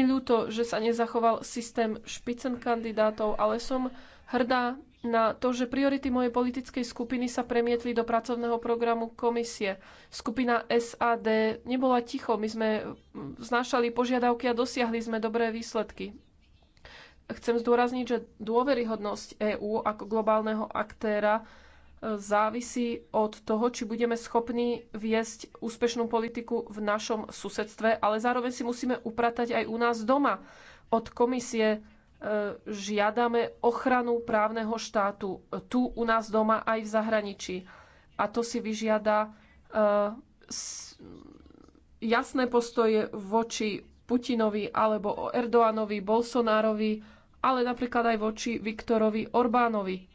mi ľúto, že sa nezachoval systém špicen kandidátov, ale som hrdá na to, že priority mojej politickej skupiny sa premietli do pracovného programu komisie. Skupina SAD nebola ticho, my sme znášali požiadavky a dosiahli sme dobré výsledky. Chcem zdôrazniť, že dôveryhodnosť EÚ ako globálneho aktéra závisí od toho, či budeme schopní viesť úspešnú politiku v našom susedstve, ale zároveň si musíme upratať aj u nás doma. Od komisie e, žiadame ochranu právneho štátu tu u nás doma aj v zahraničí. A to si vyžiada e, jasné postoje voči Putinovi alebo Erdoganovi, Bolsonárovi, ale napríklad aj voči Viktorovi Orbánovi.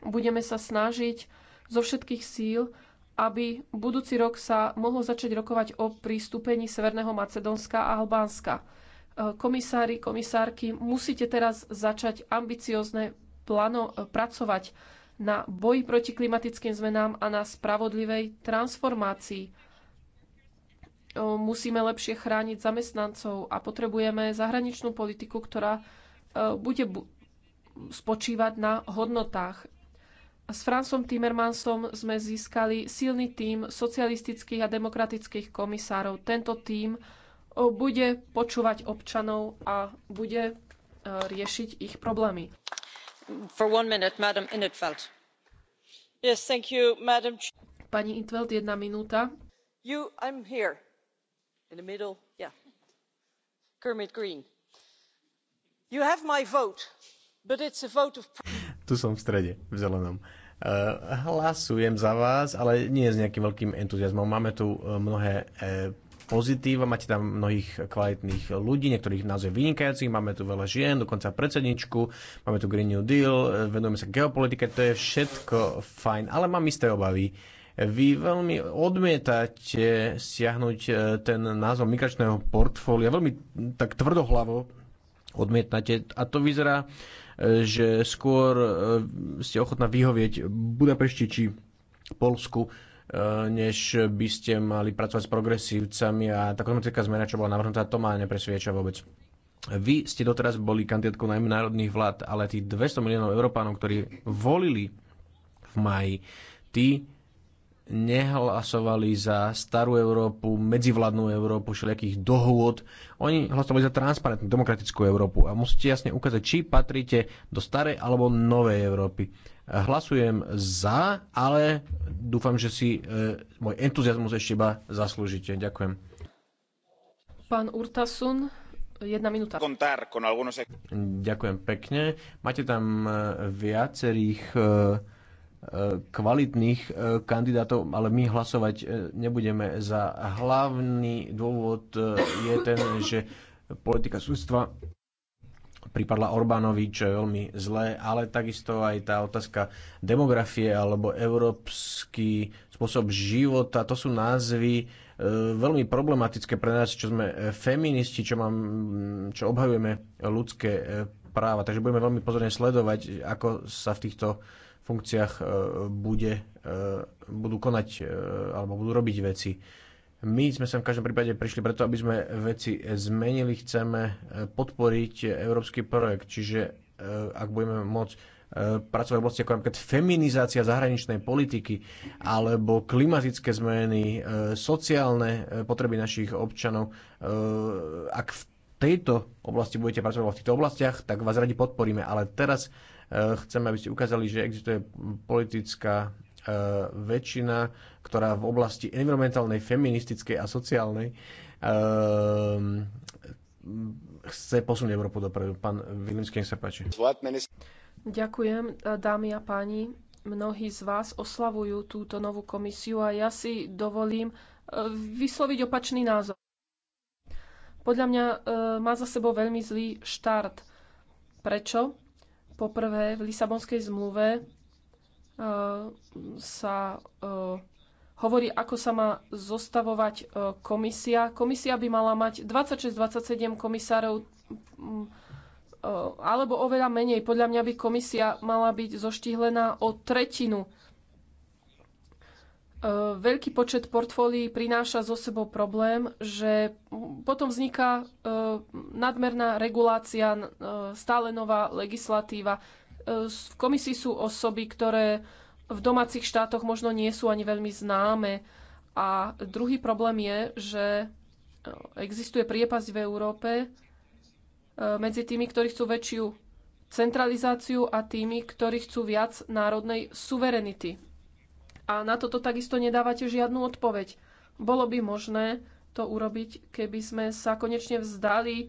Budeme sa snažiť zo všetkých síl, aby budúci rok sa mohlo začať rokovať o prístupení Severného Macedónska a Albánska. E, komisári, komisárky, musíte teraz začať ambiciozne plano, e, pracovať na boji proti klimatickým zmenám a na spravodlivej transformácii. E, musíme lepšie chrániť zamestnancov a potrebujeme zahraničnú politiku, ktorá bude spočívať na hodnotách. S Francom Timmermansom sme získali silný tím socialistických a demokratických komisárov. Tento tím eh, bude počúvať občanov a bude eh, riešiť ich problémy. For one Minute, Madam Inetfeld. yes, thank you, Madam. Pani Intveld, jedna minúta. You, I'm here. In the middle, yeah. Kermit Green. You have my vote, but it's a vote of... Tu som v strede, v zelenom. Uh, Eh, hlasujem za vás, ale nie s nejakým veľkým entuziasmom. Máme tu eh, mnohé eh, pozitíva, máte tam mnohých kvalitných ľudí, niektorých názov vynikajúcich, máme tu veľa žien, dokonca predsedničku, máme tu Green New Deal, venujeme sa geopolitike, to je všetko fajn, ale mám isté obavy. Vy veľmi odmietate stiahnuť ten názov migračného portfólia, veľmi tak tvrdohlavo odmietnate. A to vyzerá, e, že skôr e, ste ochotná vyhovieť Budapešti či Polsku, e, než by ste mali pracovať s progresívcami a tá kozmetická zmena, čo bola navrhnutá, to ma nepresvieča vôbec. Vy ste doteraz boli kandidátkou najmä národných vlád, ale tých 200 miliónov Európánov, ktorí volili v maji, tí nehlasovali za starú Európu, medzivládnu Európu, všelijakých dohôd. Oni hlasovali za transparentnú, demokratickú Európu a musíte jasne ukázať, či patríte do starej alebo novej Európy. Hlasujem za, ale dúfam, že si e, môj entuziasmus ešte iba zaslúžite. Ďakujem. Pán Urtasun, jedna minúta. Ďakujem pekne. Máte tam e, viacerých e, kvalitných e, kandidátov, ale my hlasovať e, nebudeme za. Hlavný dôvod e, je ten, že politika súdstva pripadla Orbánovi, čo je veľmi zlé, ale takisto aj tá otázka demografie alebo európsky spôsob života, to sú názvy veľmi problematické pre nás, čo sme feministi, čo, mám, čo obhajujeme ľudské práva. Takže budeme veľmi pozorne sledovať, ako sa v týchto funkciách e, bude, e, budú konať e, alebo budú robiť veci. My sme sa v každom prípade prišli preto, aby sme veci zmenili. Chceme podporiť európsky projekt, čiže ak budeme môcť pracovať v oblasti ako napríklad feminizácia zahraničnej politiky alebo klimatické zmeny, sociálne potreby našich občanov. Ak v tejto oblasti budete pracovať v týchto oblastiach, tak vás radi podporíme. Ale teraz Chceme, aby ste ukázali, že existuje politická e, väčšina, ktorá v oblasti environmentálnej, feministickej a sociálnej e, chce posunúť Európu dopredu. Pán Vilimský, nech sa páči. Ďakujem, dámy a páni. Mnohí z vás oslavujú túto novú komisiu a ja si dovolím e, vysloviť opačný názor. Podľa mňa má za sebou veľmi zlý štart. Prečo? Poprvé, v Lisabonskej zmluve e, sa e, hovorí, ako sa má zostavovať e, komisia. Komisia by mala mať 26-27 komisárov alebo oveľa menej. Podľa mňa by komisia mala byť zoštihlená o tretinu. E, veľký počet portfólií prináša zo sebou problém, že potom vzniká e, nadmerná regulácia, e, stále nová legislatíva. V komisii sú osoby, ktoré v domácich štátoch možno nie sú ani veľmi známe. A druhý problém je, že existuje priepasť v Európe medzi tými, ktorí chcú väčšiu centralizáciu a tými, ktorí chcú viac národnej suverenity a na toto takisto nedávate žiadnu odpoveď. Bolo by možné to urobiť, keby sme sa konečne vzdali e,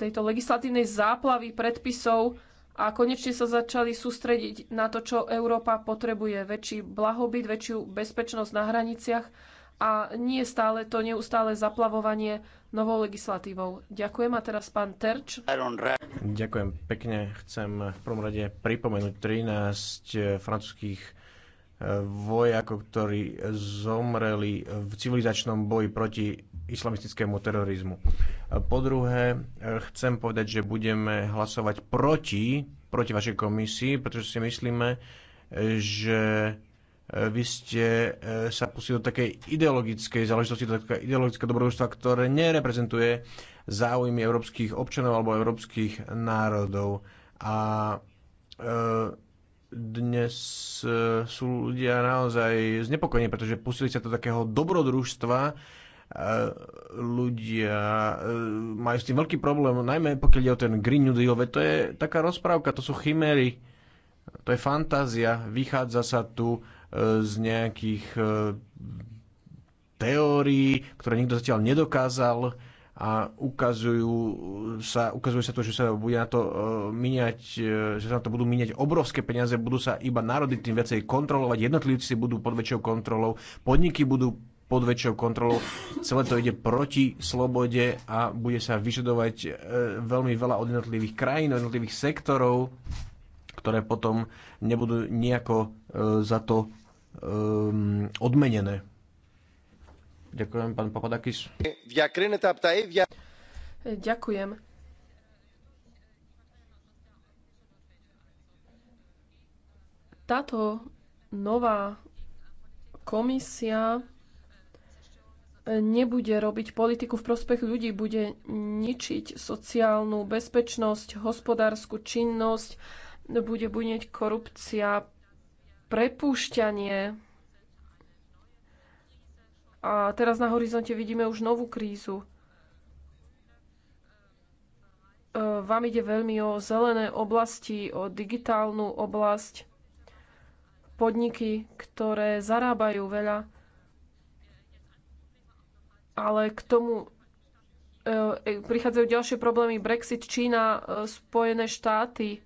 tejto legislatívnej záplavy predpisov a konečne sa začali sústrediť na to, čo Európa potrebuje. Väčší blahobyt, väčšiu bezpečnosť na hraniciach a nie stále to neustále zaplavovanie novou legislatívou. Ďakujem a teraz pán Terč. Ďakujem pekne. Chcem v prvom rade pripomenúť 13 eh, francúzských vojakov, ktorí zomreli v civilizačnom boji proti islamistickému terorizmu. Po druhé, chcem povedať, že budeme hlasovať proti, proti vašej komisii, pretože si myslíme, že vy ste eh, sa pustili do takej ideologickej záležitosti, do takého ideologického dobrodružstva, ktoré nereprezentuje záujmy európskych občanov alebo európskych národov. A e, dnes e, sú ľudia naozaj znepokojení, pretože pustili sa do takého dobrodružstva, e, ľudia e, majú s tým veľký problém, najmä pokiaľ ide o ten Green New Deal, to je taká rozprávka, to sú chimery, to je fantázia, vychádza sa tu z nejakých teórií, ktoré nikto zatiaľ nedokázal a ukazujú sa, ukazuje sa to, že sa bude na to e, miniať, e, že sa na to budú míňať obrovské peniaze, budú sa iba národy tým viacej kontrolovať, jednotlivci budú pod väčšou kontrolou, podniky budú pod väčšou kontrolou. Celé to ide proti slobode a bude sa vyžadovať e, veľmi veľa od jednotlivých krajín, od jednotlivých sektorov, ktoré potom nebudú nejako za to odmenené. Ďakujem, pán Papadakis. Ďakujem. Táto nová komisia nebude robiť politiku v prospech ľudí, bude ničiť sociálnu bezpečnosť, hospodárskú činnosť, bude buniť korupcia, prepúšťanie a teraz na horizonte vidíme už novú krízu. E, vám ide veľmi o zelené oblasti, o digitálnu oblasť, podniky, ktoré zarábajú veľa, ale k tomu e, e, prichádzajú ďalšie problémy. Brexit, Čína, Spojené štáty.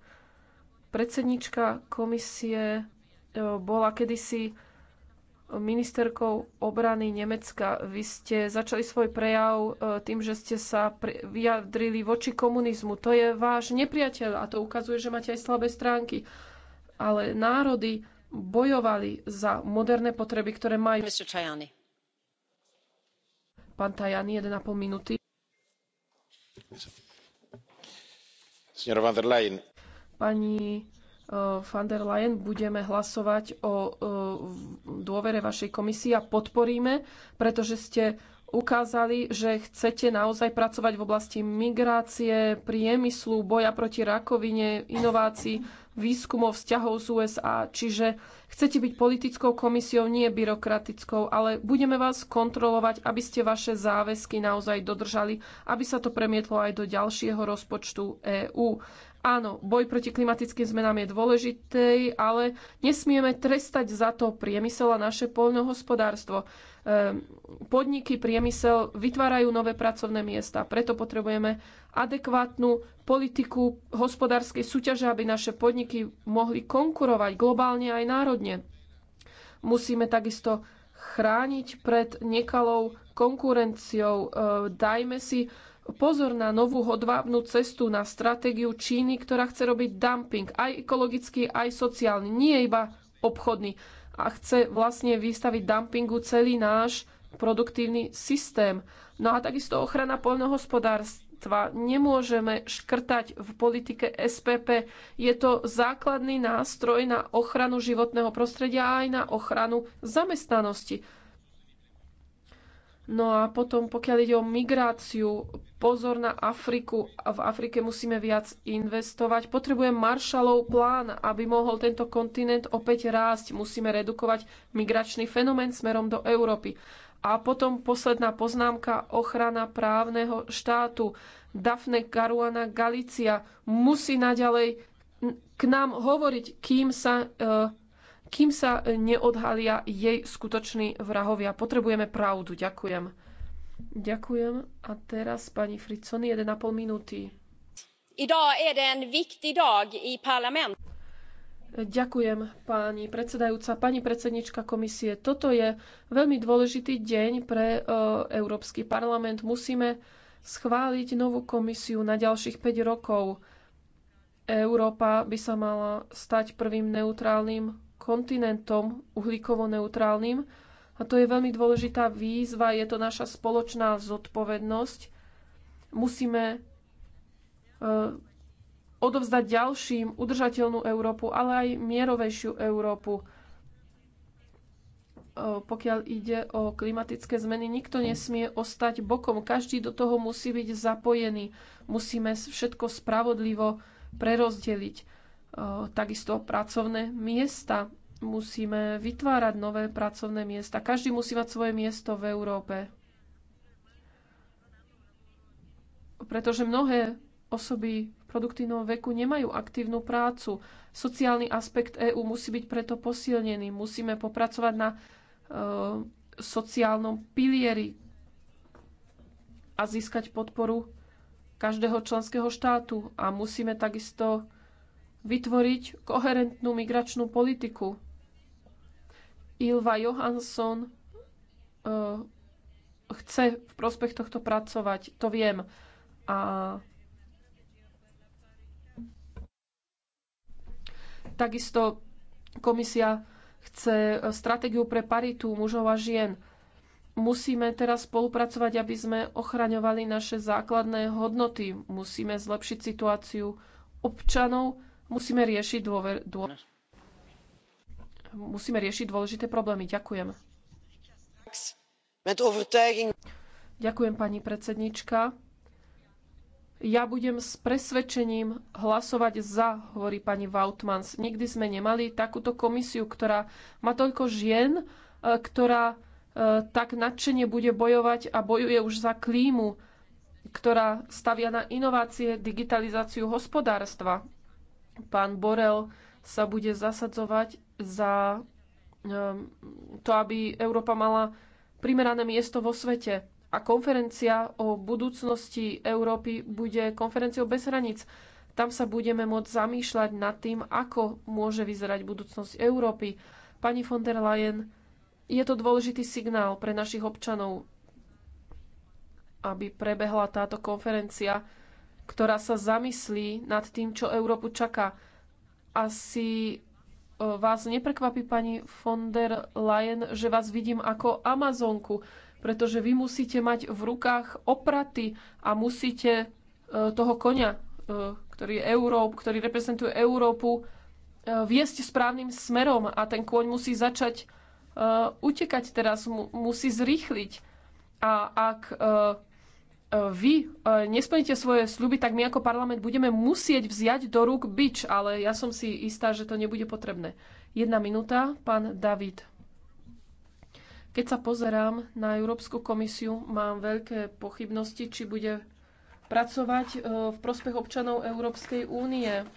Predsednička komisie bola kedysi ministerkou obrany Nemecka. Vy ste začali svoj prejav e, tým, že ste sa vyjadrili voči komunizmu. To je váš nepriateľ a to ukazuje, že máte aj slabé stránky. Ale národy bojovali za moderné potreby, ktoré majú. Mr. Tajani. Pán Tajani, 1,5 minúty. Pani van der Leyen budeme hlasovať o dôvere vašej komisii a podporíme, pretože ste ukázali, že chcete naozaj pracovať v oblasti migrácie, priemyslu, boja proti rakovine, inovácií, výskumov, vzťahov z USA. Čiže chcete byť politickou komisiou, nie byrokratickou, ale budeme vás kontrolovať, aby ste vaše záväzky naozaj dodržali, aby sa to premietlo aj do ďalšieho rozpočtu EÚ. Áno, boj proti klimatickým zmenám je dôležitý, ale nesmieme trestať za to priemysel a naše poľnohospodárstvo. Ehm, podniky, priemysel vytvárajú nové pracovné miesta, preto potrebujeme adekvátnu politiku hospodárskej súťaže, aby naše podniky mohli konkurovať globálne aj národne. Musíme takisto chrániť pred nekalou konkurenciou. Ehm, dajme si Pozor na novú hodvábnu cestu, na stratégiu Číny, ktorá chce robiť dumping, aj ekologický, aj sociálny, nie iba obchodný. A chce vlastne vystaviť dumpingu celý náš produktívny systém. No a takisto ochrana poľnohospodárstva. Nemôžeme škrtať v politike SPP. Je to základný nástroj na ochranu životného prostredia a aj na ochranu zamestnanosti. No a potom, pokiaľ ide o migráciu, pozor na Afriku. V Afrike musíme viac investovať. Potrebujem Marshallov plán, aby mohol tento kontinent opäť rásť. Musíme redukovať migračný fenomén smerom do Európy. A potom posledná poznámka, ochrana právneho štátu. Dafne Caruana Galicia musí naďalej k nám hovoriť, kým sa e, kým sa neodhalia jej skutoční vrahovia. Potrebujeme pravdu. Ďakujem. Ďakujem. A teraz pani Fritzoni, 1,5 minúty. Idag är er det en viktig dag i parlament. Ďakujem, pani predsedajúca, pani predsednička komisie. Toto je veľmi dôležitý deň pre e, Európsky parlament. Musíme schváliť novú komisiu na ďalších 5 rokov. Európa by sa mala stať prvým neutrálnym kontinentom uhlíkovo neutrálnym. A to je veľmi dôležitá výzva, je to naša spoločná zodpovednosť. Musíme e, odovzdať ďalším udržateľnú Európu, ale aj mierovejšiu Európu. E, pokiaľ ide o klimatické zmeny, nikto nesmie ostať bokom. Každý do toho musí byť zapojený. Musíme všetko spravodlivo prerozdeliť takisto pracovné miesta. Musíme vytvárať nové pracovné miesta. Každý musí mať svoje miesto v Európe. Pretože mnohé osoby v produktívnom veku nemajú aktívnu prácu. Sociálny aspekt EÚ musí byť preto posilnený. Musíme popracovať na e, sociálnom pilieri a získať podporu každého členského štátu. A musíme takisto vytvoriť koherentnú migračnú politiku. Ilva Johansson uh, chce v prospech tohto pracovať, to viem. A takisto komisia chce e, stratégiu pre paritu mužov a žien. Musíme teraz spolupracovať, aby sme ochraňovali naše základné hodnoty. Musíme zlepšiť situáciu občanov Musíme riešiť dôver, dô... Musíme riešiť dôležité problémy. Ďakujem. Ďakujem, pani predsednička. Ja budem s presvedčením hlasovať za, hovorí pani Vautmans. Nikdy sme nemali takúto komisiu, ktorá má toľko žien, e, ktorá e, tak nadšene bude bojovať a bojuje už za klímu, ktorá stavia na inovácie, digitalizáciu hospodárstva. Pán Borel sa bude zasadzovať za ehm, to, aby Európa mala primerané miesto vo svete. A konferencia o budúcnosti Európy bude konferenciou bez hraníc. Tam sa budeme môcť zamýšľať nad tým, ako môže vyzerať budúcnosť Európy. Pani von der Leyen, je to dôležitý signál pre našich občanov, aby prebehla táto konferencia ktorá sa zamyslí nad tým, čo Európu čaká. Asi e, vás neprekvapí, pani von der Leyen, že vás vidím ako Amazonku, pretože vy musíte mať v rukách opraty a musíte e, toho konia, e, ktorý, je Európ, ktorý reprezentuje Európu, viesť správnym smerom a ten kôň musí začať utekať teraz, musí zrýchliť. A ak vy e, nesplníte svoje sľuby, tak my ako parlament budeme musieť vziať do rúk bič, ale ja som si istá, že to nebude potrebné. Jedna minúta, pán David. Keď sa pozerám na Európsku komisiu, mám veľké pochybnosti, či bude pracovať e, v prospech občanov Európskej únie.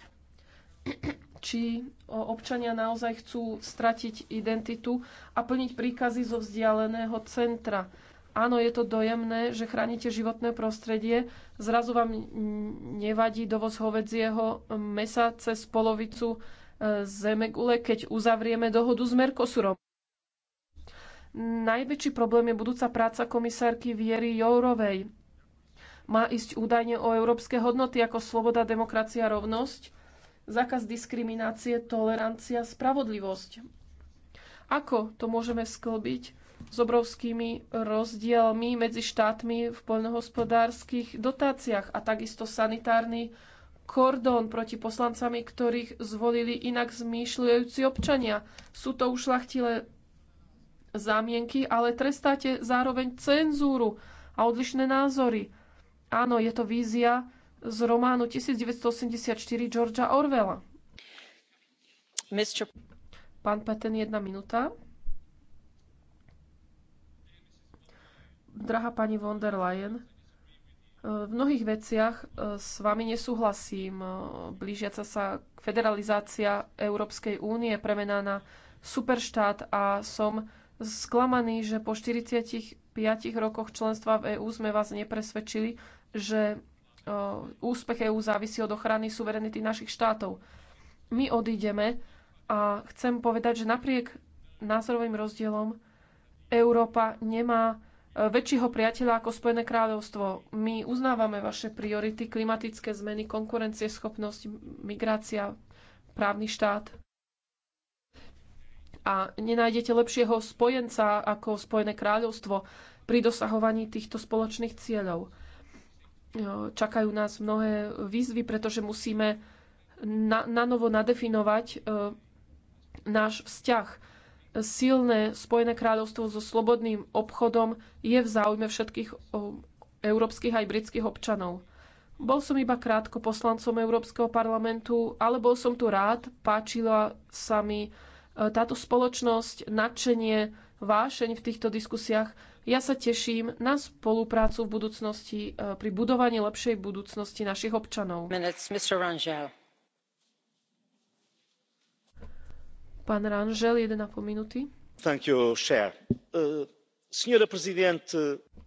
Či e, občania naozaj chcú stratiť identitu a plniť príkazy zo vzdialeného centra áno, je to dojemné, že chránite životné prostredie, zrazu vám nevadí dovoz hovedzieho mesa cez polovicu e, zemegule, keď uzavrieme dohodu s Mercosurom. Najväčší problém je budúca práca komisárky Viery Jourovej. Má ísť údajne o európske hodnoty ako sloboda, demokracia, rovnosť, zákaz diskriminácie, tolerancia, spravodlivosť. Ako to môžeme sklbiť s obrovskými rozdielmi medzi štátmi v poľnohospodárskych dotáciách a takisto sanitárny kordón proti poslancami, ktorých zvolili inak zmýšľajúci občania. Sú to ušlachtilé zámienky, ale trestáte zároveň cenzúru a odlišné názory. Áno, je to vízia z románu 1984 Georgia Orwella. Pán paten, jedna minúta. Drahá pani von der Leyen, e, v mnohých veciach e, s vami nesúhlasím. E, blížiaca sa federalizácia Európskej únie premená na superštát a som sklamaný, že po 45 rokoch členstva v EÚ sme vás nepresvedčili, že úspech EÚ závisí od ochrany suverenity našich štátov. My odídeme a chcem povedať, že napriek názorovým rozdielom Európa nemá väčšieho priateľa ako Spojené kráľovstvo. My uznávame vaše priority, klimatické zmeny, konkurencieschopnosť, migrácia, právny štát. A nenájdete lepšieho spojenca ako Spojené kráľovstvo pri dosahovaní týchto spoločných cieľov. Čakajú nás mnohé výzvy, pretože musíme na, na novo nadefinovať e, náš vzťah silné Spojené kráľovstvo so slobodným obchodom je v záujme všetkých európskych aj britských občanov. Bol som iba krátko poslancom Európskeho parlamentu, ale bol som tu rád, páčila sa mi e, táto spoločnosť, nadšenie, vášeň v týchto diskusiách. Ja sa teším na spoluprácu v budúcnosti e, pri budovaní lepšej budúcnosti našich občanov. Minutes, Pán Ranžel, uh, uh,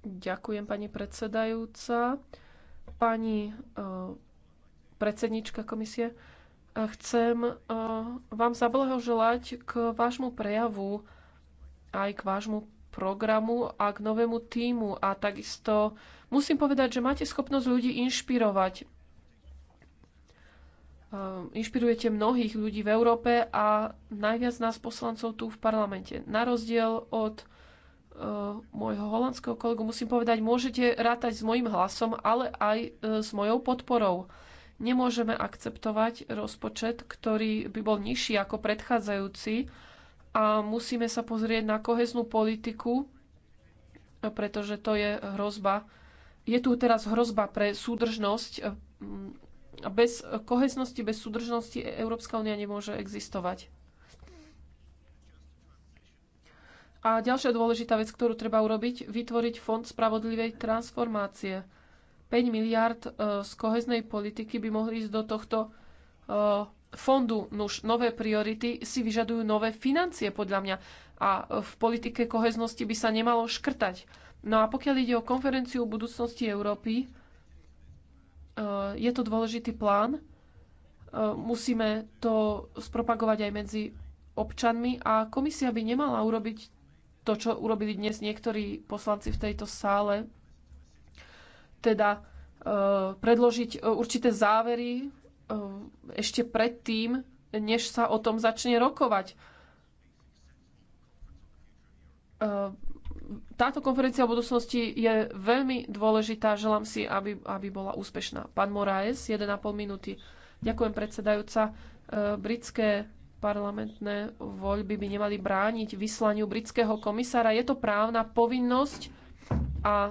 Ďakujem, pani predsedajúca. Pani uh, predsednička komisie, uh, chcem vám zablahoželať k vášmu prejavu aj k vášmu programu a k novému týmu. A takisto musím povedať, že máte schopnosť ľudí inšpirovať. Ehm, inšpirujete mnohých ľudí v Európe a najviac nás poslancov tu v parlamente. Na rozdiel od uh, môjho holandského kolegu musím povedať, môžete rátať s mojim hlasom, ale aj uh, s mojou podporou. Nemôžeme akceptovať rozpočet, ktorý by bol nižší ako predchádzajúci a musíme sa pozrieť na koheznú politiku, pretože to je hrozba. Je tu teraz hrozba pre súdržnosť bez koheznosti, bez súdržnosti Európska únia nemôže existovať. A ďalšia dôležitá vec, ktorú treba urobiť, vytvoriť fond spravodlivej transformácie. 5 miliard e, z koheznej politiky by mohli ísť do tohto e, fondu. Nuž, nové priority si vyžadujú nové financie, podľa mňa. A e, v politike koheznosti by sa nemalo škrtať. No a pokiaľ ide o konferenciu budúcnosti Európy, Eh, je to dôležitý plán. Eh, musíme to spropagovať aj medzi občanmi a komisia by nemala urobiť to, čo urobili dnes niektorí poslanci v tejto sále, teda eh, predložiť určité závery ešte predtým, než sa o tom začne rokovať táto konferencia o budúcnosti je veľmi dôležitá. Želám si, aby, aby bola úspešná. Pán Moraes, 1,5 minúty. Ďakujem, predsedajúca. E, britské parlamentné voľby by nemali brániť vyslaniu britského komisára. Je to právna povinnosť a e,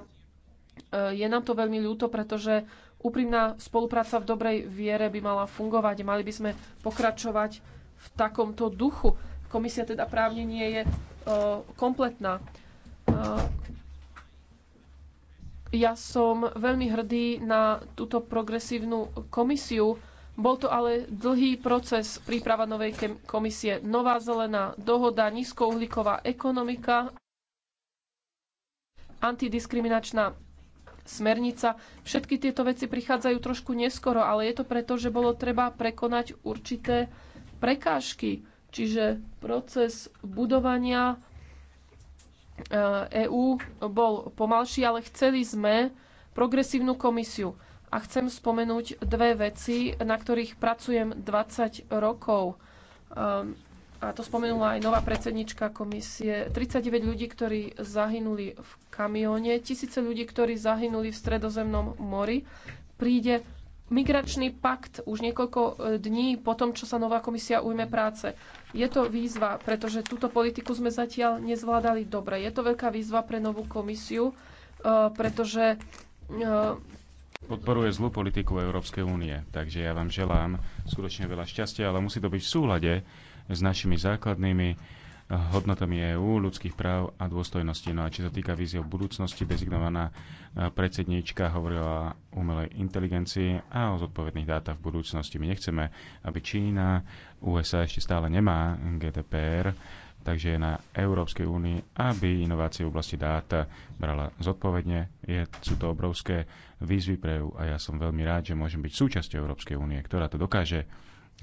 je nám to veľmi ľúto, pretože úprimná spolupráca v dobrej viere by mala fungovať. Mali by sme pokračovať v takomto duchu. Komisia teda právne nie je e, kompletná. Eh, ja som veľmi hrdý na túto progresívnu komisiu. Bol to ale dlhý proces príprava novej komisie. Nová zelená dohoda, nízkouhlíková ekonomika, antidiskriminačná smernica. Všetky tieto veci prichádzajú trošku neskoro, ale je to preto, že bolo treba prekonať určité prekážky. Čiže proces budovania EÚ e bol pomalší, ale chceli sme progresívnu komisiu. A chcem spomenúť dve veci, na ktorých pracujem 20 rokov. E, a to spomenula aj nová predsednička komisie. 39 ľudí, ktorí zahynuli v kamióne, tisíce ľudí, ktorí zahynuli v stredozemnom mori. Príde Migračný pakt už niekoľko e, dní po tom, čo sa nová komisia ujme práce. Je to výzva, pretože túto politiku sme zatiaľ nezvládali dobre. Je to veľká výzva pre novú komisiu, e, pretože e, podporuje zlú politiku Európskej únie. Takže ja vám želám skutočne veľa šťastia, ale musí to byť v súlade s našimi základnými hodnotami EÚ, ľudských práv a dôstojnosti. No a či sa týka o budúcnosti, dezignovaná e, predsedníčka hovorila o umelej inteligencii a o zodpovedných dátach v budúcnosti. My nechceme, aby Čína, USA ešte stále nemá GDPR, takže je na Európskej únii, aby inovácie v oblasti dáta brala zodpovedne. Je, sú to obrovské výzvy pre EU a ja som veľmi rád, že môžem byť súčasťou Európskej únie, ktorá to dokáže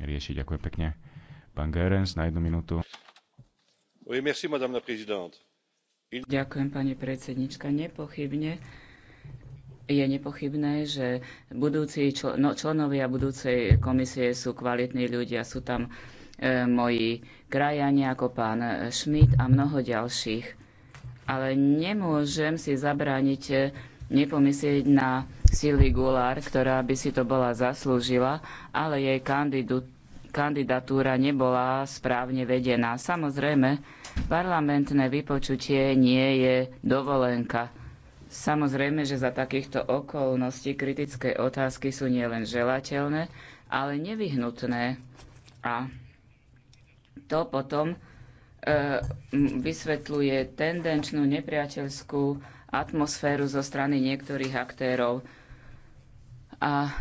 riešiť. Ďakujem pekne. Pán Gerens, na jednu minútu. Ďakujem, pani Nepochybne je nepochybné, že budúci no, členovia budúcej komisie sú kvalitní ľudia. Sú tam e, moji krajani ako pán Schmidt a mnoho ďalších. Ale nemôžem si zabrániť e, nepomyslieť na Silvi Gulár, ktorá by si to bola zaslúžila, ale jej kandidu- kandidatúra nebola správne vedená. Samozrejme, parlamentné vypočutie nie je dovolenka. Samozrejme, že za takýchto okolností kritické otázky sú nielen želateľné, ale nevyhnutné. A to potom e, vysvetľuje tendenčnú nepriateľskú atmosféru zo strany niektorých aktérov. A,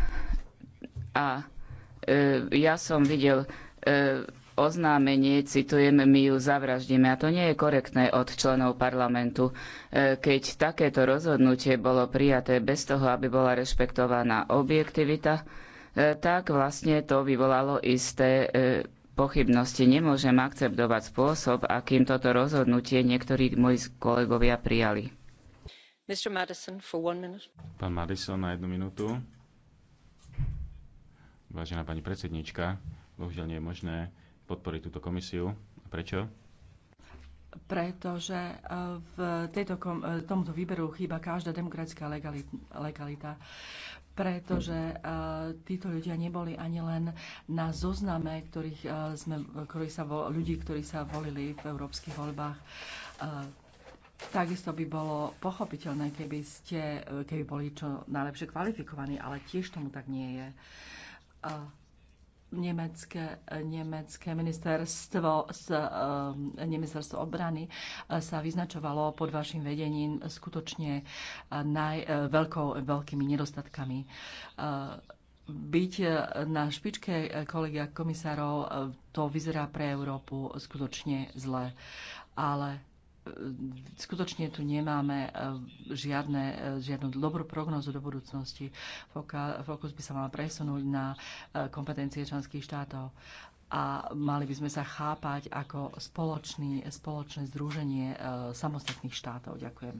a E, ja som videl e, oznámenie, citujem, my ju zavraždíme. A to nie je korektné od členov parlamentu. E, keď takéto rozhodnutie bolo prijaté bez toho, aby bola rešpektovaná objektivita, tak vlastne to vyvolalo isté pochybnosti. Nemôžem akceptovať spôsob, akým toto rozhodnutie niektorí moji kolegovia prijali. Madison, Pán Madison, na jednu minútu. Vážená pani predsednička, bohužiaľ nie je možné podporiť túto komisiu. Prečo? pretože e, v tejto, e, tomto výberu chýba každá demokratická legalita pretože uh, títo ľudia neboli ani len na zozname, ktorých, uh, sme, ktorých sa vo, ľudí, ktorí sa volili v európskych voľbách. Uh, takisto by bolo pochopiteľné, keby, ste, keby boli čo najlepšie kvalifikovaní, ale tiež tomu tak nie je. Uh, nemecké, nemecké ministerstvo, z, um, ministerstvo obrany uh, sa vyznačovalo pod vašim vedením skutočne uh, naj, uh, veľkou, veľkými nedostatkami. Byť na špičke kolegia komisárov, to vyzerá pre Európu skutočne zle. Ale skutočne tu nemáme eh, žiadne, eh, žiadnu dobrú prognozu do budúcnosti. Fokus by sa mal presunúť na eh, kompetencie členských štátov a mali by sme sa chápať ako spoločný, spoločné združenie samostatných štátov. Ďakujem.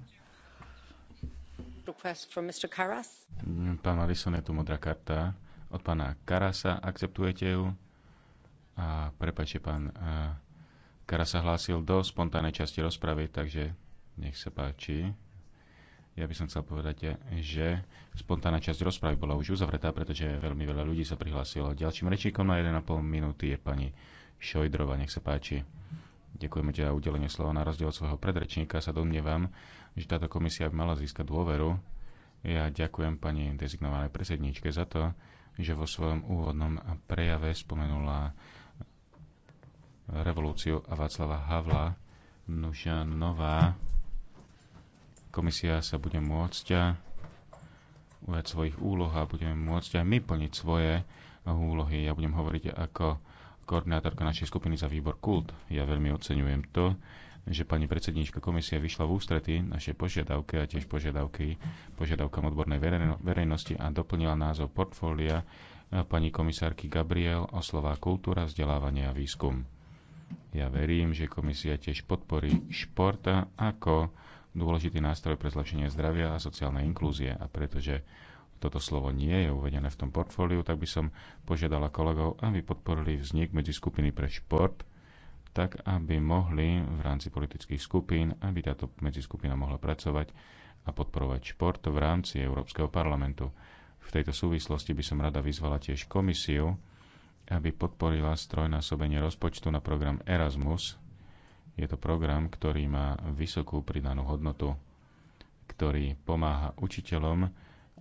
Pán Alison, je tu modrá karta od pána Karasa. Akceptujete ju? A prepáčte, pán Kara sa hlásil do spontánnej časti rozpravy, takže nech sa páči. Ja by som chcel povedať, že spontánna časť rozpravy bola už uzavretá, pretože veľmi veľa ľudí sa prihlásilo. Ďalším rečníkom na 1,5 minúty je pani Šojdrova. Nech sa páči. Ďakujeme ti za udelenie slova. Na rozdiel od svojho predrečníka sa domnievam, že táto komisia by mala získať dôveru. Ja ďakujem pani dezignovanej predsedníčke za to, že vo svojom úvodnom prejave spomenula revolúciu a Václava Havla. Nuža nová komisia sa bude môcť ujať svojich úloh a budeme môcť aj my plniť svoje úlohy. Ja budem hovoriť ako koordinátorka našej skupiny za výbor KULT. Ja veľmi oceňujem to, že pani predsednička komisia vyšla v ústrety našej požiadavky a tiež požiadavky, požiadavkám odbornej verejnosti a doplnila názov portfólia pani komisárky Gabriel o slová kultúra, vzdelávanie a výskum. Ja verím, že komisia tiež podporí šport ako dôležitý nástroj pre zlepšenie zdravia a sociálnej inklúzie. A pretože toto slovo nie je uvedené v tom portfóliu, tak by som požiadala kolegov, aby podporili vznik medzi skupiny pre šport, tak aby mohli v rámci politických skupín, aby táto medziskupina mohla pracovať a podporovať šport v rámci Európskeho parlamentu. V tejto súvislosti by som rada vyzvala tiež komisiu, aby podporila strojnásobenie rozpočtu na program Erasmus. Je to program, ktorý má vysokú pridanú hodnotu, ktorý pomáha učiteľom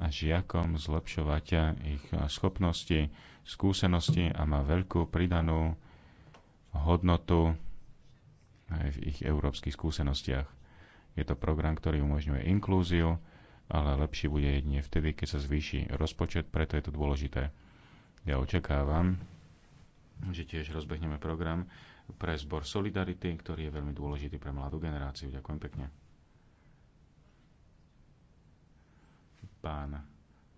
a žiakom zlepšovať ich schopnosti, skúsenosti a má veľkú pridanú hodnotu aj v ich európskych skúsenostiach. Je to program, ktorý umožňuje inklúziu, ale lepší bude jedine vtedy, keď sa zvýši rozpočet, preto je to dôležité. Ja očakávam, že tiež rozbehneme program pre zbor Solidarity, ktorý je veľmi dôležitý pre mladú generáciu. Ďakujem pekne. Pán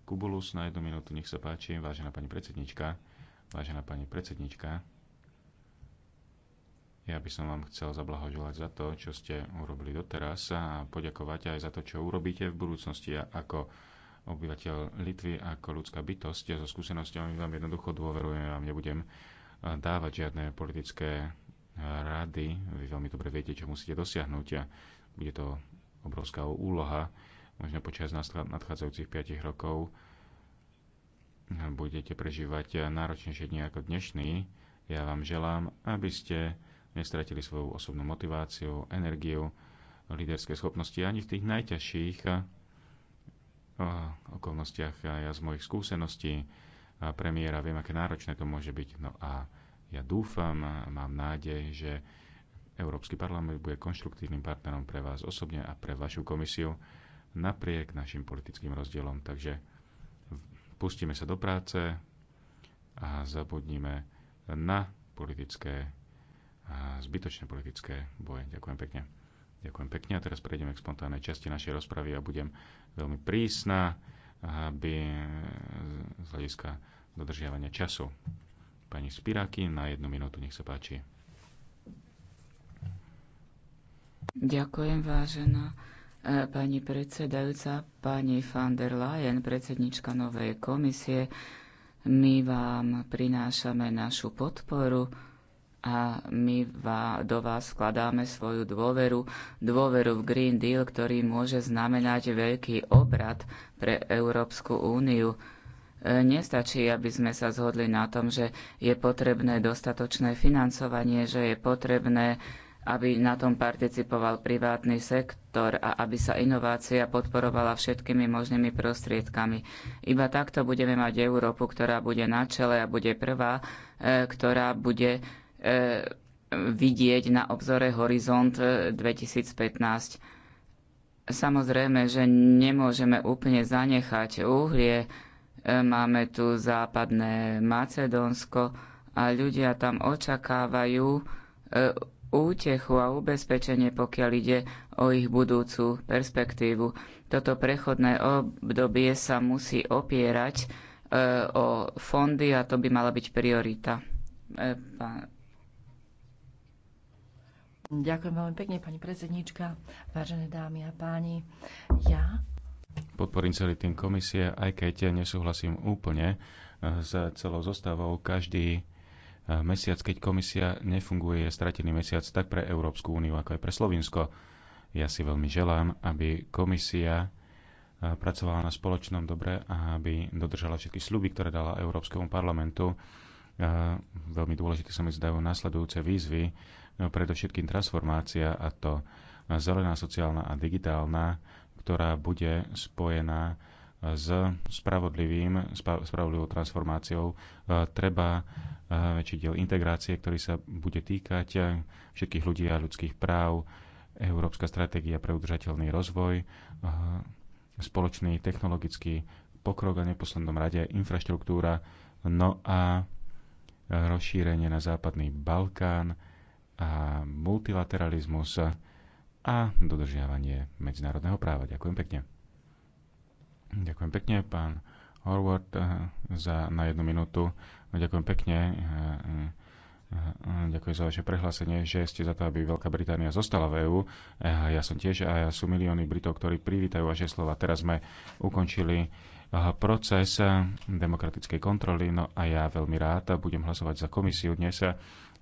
Kubulus, na jednu minútu, nech sa páči, vážená pani predsednička. Vážená pani predsednička, ja by som vám chcel zablahoželať za to, čo ste urobili doteraz a poďakovať aj za to, čo urobíte v budúcnosti a ako obyvateľ Litvy, ako ľudská bytosť so skúsenosťami vám jednoducho dôverujem, vám nebudem dávať žiadne politické e, rady. Vy veľmi dobre viete, čo musíte dosiahnuť a bude to obrovská úloha. Možno počas nadchádzajúcich 5 rokov budete prežívať náročnejšie dni ako dnešný. Ja vám želám, aby ste nestratili svoju osobnú motiváciu, energiu, líderské schopnosti ani v tých najťažších e, okolnostiach. Ja z mojich skúseností premiéra. Viem, aké náročné to môže byť. No a ja dúfam, mám nádej, že Európsky parlament bude konštruktívnym partnerom pre vás osobne a pre vašu komisiu napriek našim politickým rozdielom. Takže pustíme sa do práce a zabudnime na politické, zbytočné politické boje. Ďakujem pekne. Ďakujem pekne a teraz prejdeme k spontánnej časti našej rozpravy a budem veľmi prísna by z hľadiska dodržiavania času. Pani Spiráky, na jednu minútu, nech sa páči. Ďakujem, vážená e, pani predsedajúca, pani van der Leyen, predsednička Novej komisie. My vám prinášame našu podporu a my do vás skladáme svoju dôveru, dôveru v Green Deal, ktorý môže znamenať veľký obrad pre Európsku úniu. E, nestačí, aby sme sa zhodli na tom, že je potrebné dostatočné financovanie, že je potrebné, aby na tom participoval privátny sektor a aby sa inovácia podporovala všetkými možnými prostriedkami. Iba takto budeme mať Európu, ktorá bude na čele a bude prvá, e, ktorá bude E, vidieť na obzore Horizont 2015. E, Samozrejme, že nemôžeme úplne zanechať uhlie. E, máme tu západné Macedónsko a ľudia tam očakávajú útechu a ubezpečenie, pokiaľ ide o ich budúcu perspektívu. Toto prechodné obdobie sa musí opierať o fondy a to by mala byť priorita. Ďakujem veľmi pekne, pani predsedníčka, vážené dámy a páni. Ja podporím celý tým komisie, aj keď ja nesúhlasím úplne eh, s celou zostavou. Každý eh, mesiac, keď komisia nefunguje, je stratený mesiac tak pre Európsku úniu, ako aj pre Slovinsko. Ja si veľmi želám, aby komisia eh, pracovala na spoločnom dobre a aby dodržala všetky sluby, ktoré dala Európskemu parlamentu. Veľmi dôležité sa mi zdajú nasledujúce výzvy No, predovšetkým transformácia a to zelená, sociálna a digitálna, ktorá bude spojená s spravodlivým, spravodlivou transformáciou. E, treba e, väčší diel integrácie, ktorý sa bude týkať e, všetkých ľudí a ľudských práv, Európska stratégia pre udržateľný rozvoj, spoločný technologický pokrok a neposlednom rade infraštruktúra, no a rozšírenie na západný Balkán, a multilateralizmus a dodržiavanie medzinárodného práva. Ďakujem pekne. Ďakujem pekne, pán Horvath, za na jednu minútu. Ďakujem pekne. Eh, eh, ďakujem za vaše prehlásenie, že ste za to, aby Veľká Británia zostala v EÚ. Eh, ja som tiež a ja sú milióny Britov, ktorí privítajú vaše slova. Teraz sme ukončili proces demokratickej kontroly, no a ja veľmi rád budem hlasovať za komisiu dnes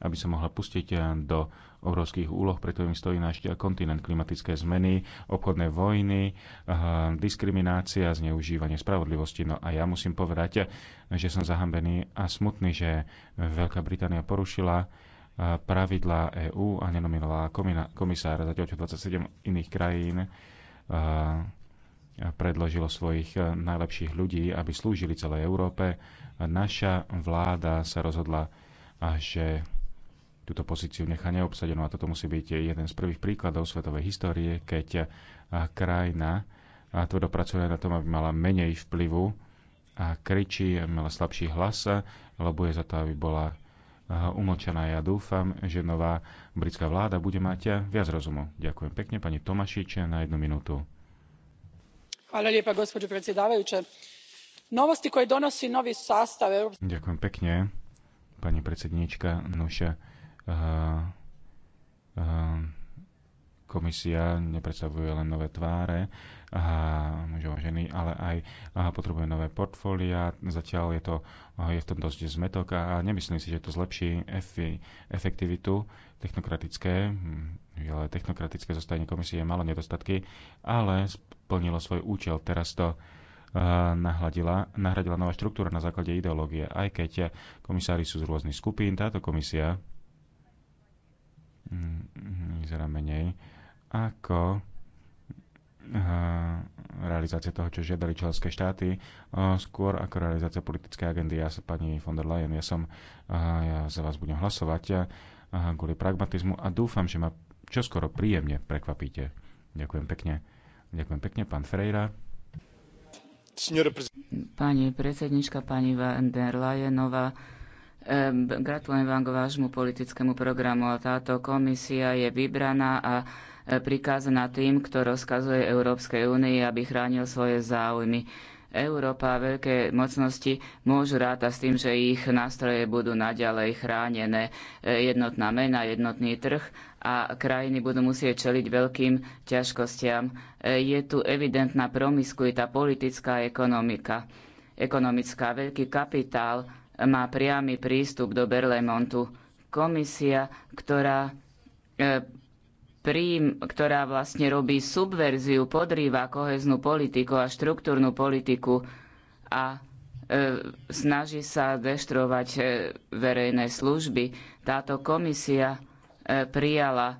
aby sa mohla pustiť eh, do obrovských úloh, preto im stojí náš kontinent klimatické zmeny, obchodné vojny, eh, diskriminácia, zneužívanie spravodlivosti. No a ja musím povedať, eh, že som zahambený a smutný, že Veľká Británia porušila pravidlá EÚ a nenominovala komisára, zatiaľ čo 27 iných krajín predložilo svojich najlepších ľudí, aby slúžili celej Európe. Naša vláda sa rozhodla, že túto pozíciu nechá neobsadenú. A toto musí byť jeden z prvých príkladov svetovej histórie, keď krajina tvrdo pracuje na tom, aby mala menej vplyvu a kričí, aby mala slabší hlas, lebo je za to, aby bola umlčaná. Ja dúfam, že nová britská vláda bude mať viac rozumu. Ďakujem pekne pani Tomašiče na jednu minútu. Hvala lepa, gospođo predsjedavajuća. Novosti koje donosi novi sastav... Ďakujem pekne, pani predsedníčka. Nuša, komisia nepredstavuje len nové tváre mužov a ženy, ale aj potrebuje nové portfólia. Zatiaľ je, to, je v tom dosť zmetok a nemyslím si, že to zlepší efektivitu technokratické. Hm, ale technokratické zostanie komisie malo nedostatky, ale splnilo svoj účel. Teraz to nahladila nahradila nová štruktúra na základe ideológie. Aj keď komisári sú z rôznych skupín, táto komisia Mm, mm, vyzerá menej ako eh, realizácia toho, čo žiadali členské štáty, skôr ako realizácia politickej agendy. Ja sa, pani von der Leyen, ja som, eh, ja za vás budem hlasovať ja, eh, kvôli pragmatizmu a dúfam, že ma čoskoro príjemne prekvapíte. Ďakujem pekne. Ďakujem pekne, pán Freira. Pani predsednička, pani van der Leyenová, Gratulujem vám k vášmu politickému programu. Táto komisia je vybraná a e, prikázaná tým, kto rozkazuje Európskej únii, aby chránil svoje záujmy. Európa a veľké mocnosti môžu rátať s tým, že ich nástroje budú naďalej chránené. E, jednotná mena, jednotný trh a krajiny budú musieť čeliť veľkým ťažkostiam. E, je tu evidentná promiskuita politická ekonomika. Ekonomická veľký kapitál má priamy prístup do Berlemontu. Komisia, ktorá, e, ktorá vlastne robí subverziu, podrýva koheznú politiku a štruktúrnu politiku a e, snaží sa deštrovať e, verejné služby. Táto komisia e, prijala e,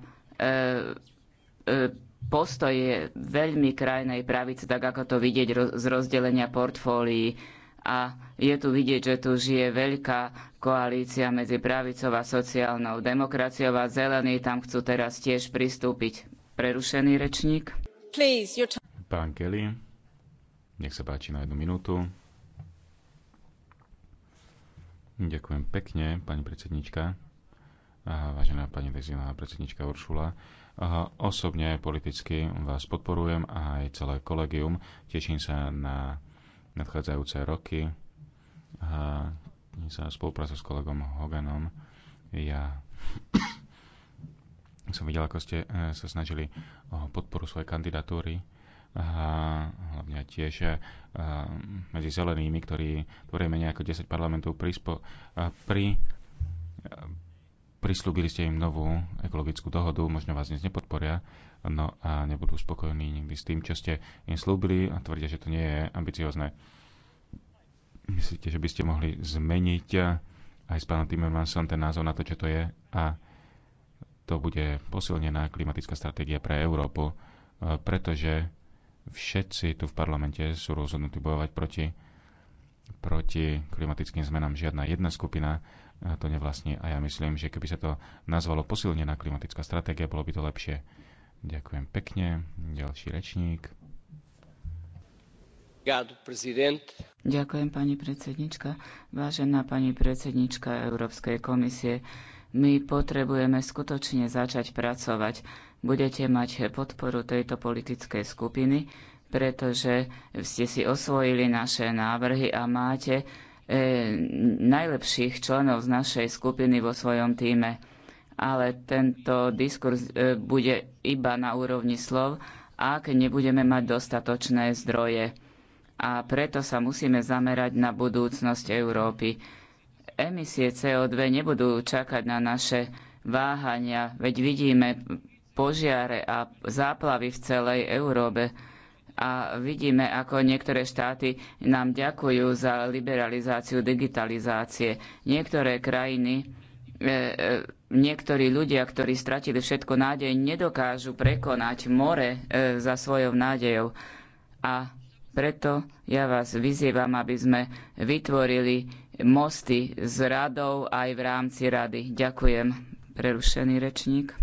e, postoje veľmi krajnej pravice, tak ako to vidieť z rozdelenia portfólií a je tu vidieť, že tu žije veľká koalícia medzi pravicou a sociálnou demokraciou a zelení tam chcú teraz tiež pristúpiť. Prerušený rečník. Please, Pán Kelly, nech sa páči na jednu minútu. Ďakujem pekne, pani predsednička. Vážená pani dezilná predsednička Uršula, osobne politicky vás podporujem a aj celé kolegium. Teším sa na nadchádzajúce roky a sa spolupráca s kolegom Hoganom. Ja som videl, ako ste eh, sa snažili o podporu svojej kandidatúry a hlavne tiež eh, medzi zelenými, ktorí tvoria menej ako 10 parlamentov prispo, pri eh, prislúbili ste im novú ekologickú dohodu, možno vás dnes nepodporia, no a nebudú spokojní nikdy s tým, čo ste im slúbili a tvrdia, že to nie je ambiciozne. Myslíte, že by ste mohli zmeniť eh, aj s pánom Timmermansom ten názov na to, čo to je a to bude posilnená klimatická stratégia pre Európu, eh, pretože všetci tu v parlamente sú rozhodnutí bojovať proti, proti klimatickým zmenám. Žiadna jedna skupina eh, to nevlastní a ja myslím, že keby sa to nazvalo posilnená klimatická stratégia, bolo by to lepšie. Ďakujem pekne. Ďalší rečník. Ďakujem, pani predsednička. Vážená pani predsednička Európskej komisie, my potrebujeme skutočne začať pracovať. Budete mať podporu tejto politickej skupiny, pretože ste si osvojili naše návrhy a máte e, najlepších členov z našej skupiny vo svojom týme ale tento diskurs e, bude iba na úrovni slov, ak nebudeme mať dostatočné zdroje. A preto sa musíme zamerať na budúcnosť Európy. Emisie CO2 nebudú čakať na naše váhania, veď vidíme požiare a záplavy v celej Európe a vidíme, ako niektoré štáty nám ďakujú za liberalizáciu digitalizácie. Niektoré krajiny e, e, niektorí ľudia, ktorí stratili všetko nádej, nedokážu prekonať more e, za svojou nádejou. A preto ja vás vyzývam, aby sme vytvorili mosty s radou aj v rámci rady. Ďakujem. Prerušený rečník.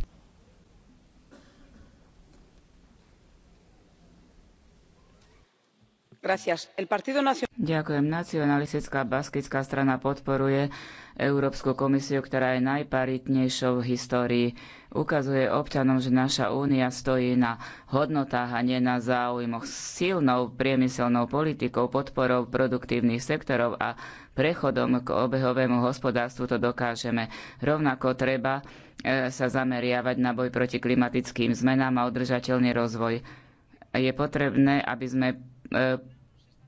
Ďakujem. Nacionalistická baskická strana podporuje Európsku komisiu, ktorá je najparitnejšou v histórii. Ukazuje občanom, že naša únia stojí na hodnotách a nie na záujmoch silnou priemyselnou politikou, podporou produktívnych sektorov a prechodom k obehovému hospodárstvu to dokážeme. Rovnako treba e, sa zameriavať na boj proti klimatickým zmenám a udržateľný rozvoj. Je potrebné, aby sme e,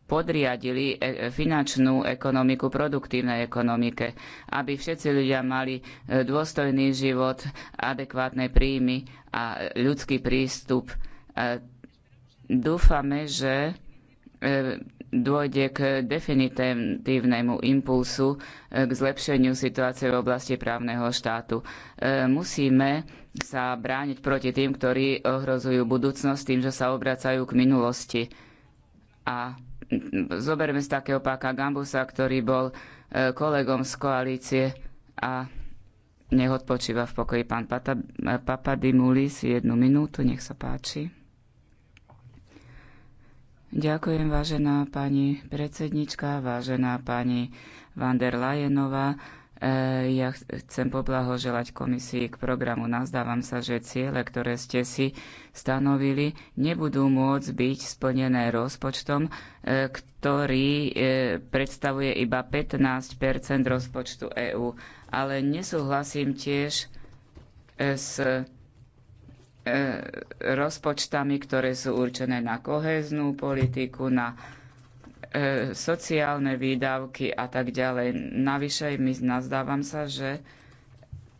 podriadili e, e, finančnú ekonomiku produktívnej ekonomike, aby všetci ľudia mali e, dôstojný život, adekvátne príjmy a ľudský prístup. Dúfame, že dôjde k definitívnemu impulsu k zlepšeniu situácie v oblasti právneho štátu. Musíme sa brániť proti tým, ktorí ohrozujú budúcnosť tým, že sa obracajú k minulosti. A Zoberme z takého páka Gambusa, ktorý bol e, kolegom z koalície a nech odpočíva v pokoji pán e, Papadimulis. Jednu minútu, nech sa páči. Ďakujem, vážená pani predsednička, vážená pani van der Leyenová. Ja chcem poblahoželať komisii k programu. Nazdávam sa, že ciele, ktoré ste si stanovili, nebudú môcť byť splnené rozpočtom, e, ktorý e, predstavuje iba 15 rozpočtu EÚ. Ale nesúhlasím tiež e, s rozpočtami, ktoré sú určené na koheznú politiku, na E, sociálne výdavky a tak ďalej. Navyše my nazdávam sa, že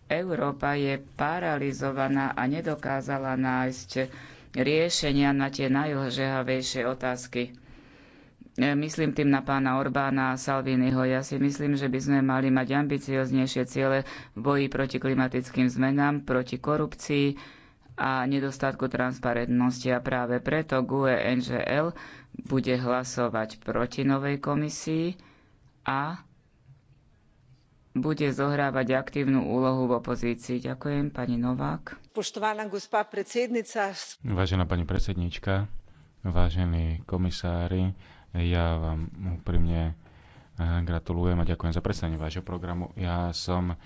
Európa je paralizovaná a nedokázala nájsť riešenia na tie najlžehavejšie otázky. E, myslím tým na pána Orbána a Salviniho. Ja si myslím, že by sme mali mať ambicioznejšie ciele v boji proti klimatickým zmenám, proti korupcii a nedostatku transparentnosti. A práve preto GUE NGL bude hlasovať proti novej komisii a bude zohrávať aktívnu úlohu v opozícii. Ďakujem, pani Novák. Poštovaná gospa predsednica. Vážená pani predsednička, vážení komisári, ja vám úprimne eh, gratulujem a ďakujem za predstavenie vášho programu. Ja som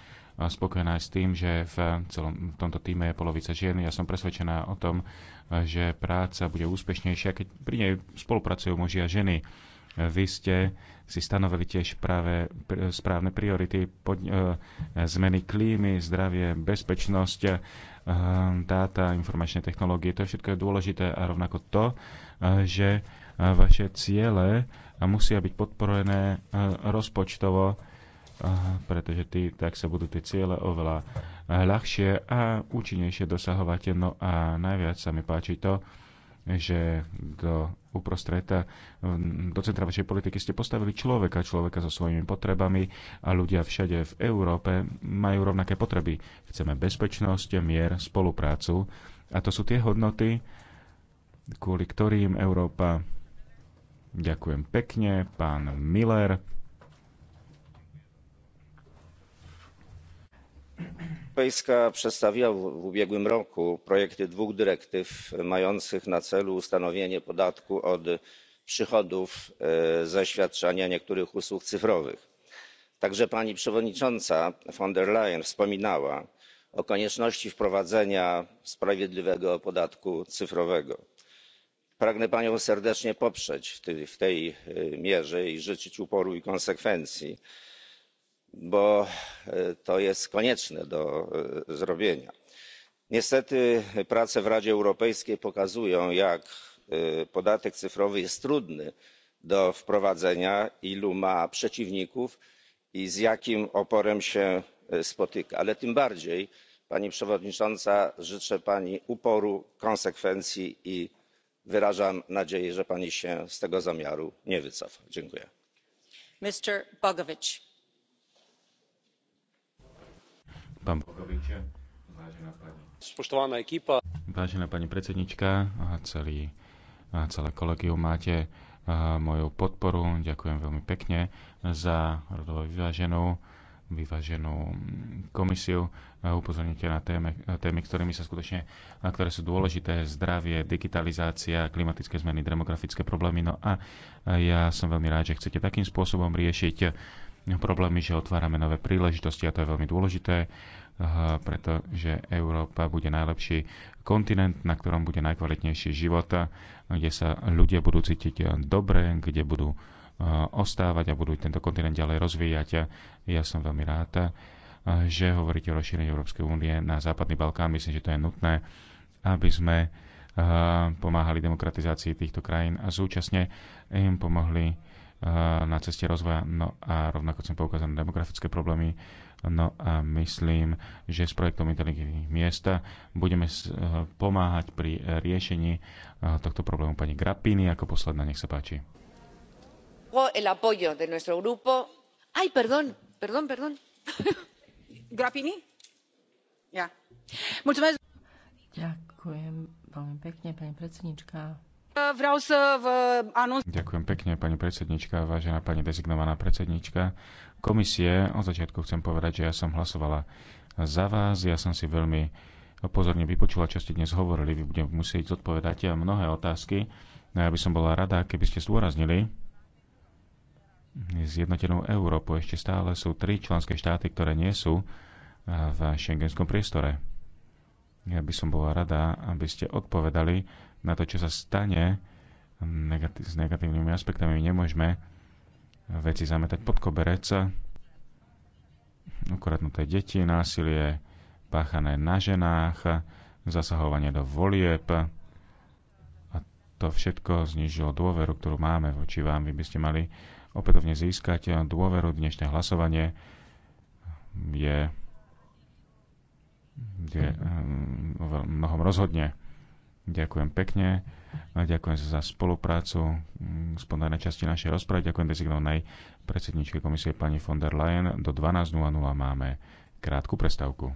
spokojná aj s tým, že v, celom, v tomto týme je polovica žien. Ja som presvedčená o tom, že práca bude úspešnejšia, keď pri nej spolupracujú muži a ženy. Vy ste si stanovili tiež práve správne priority, pod, e, zmeny klímy, zdravie, bezpečnosť, e, dáta, informačné technológie. To všetko je dôležité a rovnako to, e, že e, vaše ciele musia byť podporené e, rozpočtovo pretože ty, tak sa budú tie ciele oveľa ľahšie a účinnejšie dosahovať. No a najviac sa mi páči to, že do uprostreda, eh, do centra vašej politiky ste postavili človeka, človeka so svojimi potrebami a ľudia všade v Európe majú rovnaké potreby. Chceme bezpečnosť, mier, spoluprácu a to sú tie hodnoty, kvôli ktorým Európa Ďakujem pekne, pán Miller. europejska przedstawiła w ubiegłym roku projekty dwóch dyrektyw mających na celu ustanowienie podatku od przychodów e, ze świadczenia niektórych usług cyfrowych. także pani przewodnicząca von der leyen wspominała o konieczności wprowadzenia sprawiedliwego podatku cyfrowego. pragnę panią serdecznie poprzeć w tej e, mierze i życzyć uporu i konsekwencji bo e, to jest konieczne do e, zrobienia. niestety prace w radzie europejskiej pokazują jak e, podatek cyfrowy jest trudny do wprowadzenia ilu ma przeciwników i z jakim oporem się spotyka ale tym bardziej pani przewodnicząca życzę pani uporu konsekwencji i wyrażam nadzieję że pani się z tego zamiaru nie wycofa. dziękuję. pani przewodnicząca! pán vážená pani. Spoštovaná ekipa. Vážená pani predsednička a celý, a celé kolegium máte moju podporu. Ďakujem veľmi pekne za rodovo vyváženú vyváženú mm, komisiu. Upozornite na téme, témy, ktorými sa skutočne, ktoré sú dôležité, zdravie, digitalizácia, klimatické zmeny, demografické problémy. No a ja som veľmi rád, že chcete takým spôsobom riešiť Problém je, že otvárame nové príležitosti a to je veľmi dôležité, eh, pretože Európa bude najlepší kontinent, na ktorom bude najkvalitnejší život, kde sa ľudia budú cítiť eh, dobre, kde budú eh, ostávať a budú tento kontinent ďalej rozvíjať. Ja som veľmi rád, že hovoríte o rozšírení Európskej únie na Západný Balkán. Myslím, že to je nutné, aby sme pomáhali demokratizácii týchto krajín a súčasne im pomohli Eh, na ceste rozvoja. No a rovnako som poukázať na demografické problémy. No a myslím, že s projektom inteligentných miesta budeme eh, pomáhať pri riešení eh, tohto problému pani Grappini ako posledná. Nech sa páči. El apoyo de nuestro grupo. perdón, perdón, perdón. Grappini? Ja. Ďakujem veľmi pekne, pani predsednička. Vreau să vă anunț... Ďakujem pekne, pani predsednička, vážená pani dezignovaná predsednička. Komisie, od začiatku chcem povedať, že ja som hlasovala za vás, ja som si veľmi pozorne vypočula, čo ste dnes hovorili. Vy budem musieť zodpovedať mnohé otázky. no Ja by som bola rada, keby ste zdôraznili zjednotenú Európu. Ešte stále sú tri členské štáty, ktoré nie sú v šengenskom priestore. Ja by som bola rada, aby ste odpovedali na to, čo sa stane negati- s negatívnymi aspektami. My nemôžeme veci zametať pod koberec. Ukradnuté deti, násilie páchané na ženách, zasahovanie do volieb. A to všetko znižilo dôveru, ktorú máme voči vám. Vy by ste mali opätovne získať dôveru. Dnešné hlasovanie je kde ehm, mnohom rozhodne. Ďakujem pekne. Ďakujem za spoluprácu v mm, spodnej časti našej rozpravy. Ďakujem dezignovanej predsedničke komisie pani von der Leyen. Do 12.00 máme krátku prestávku.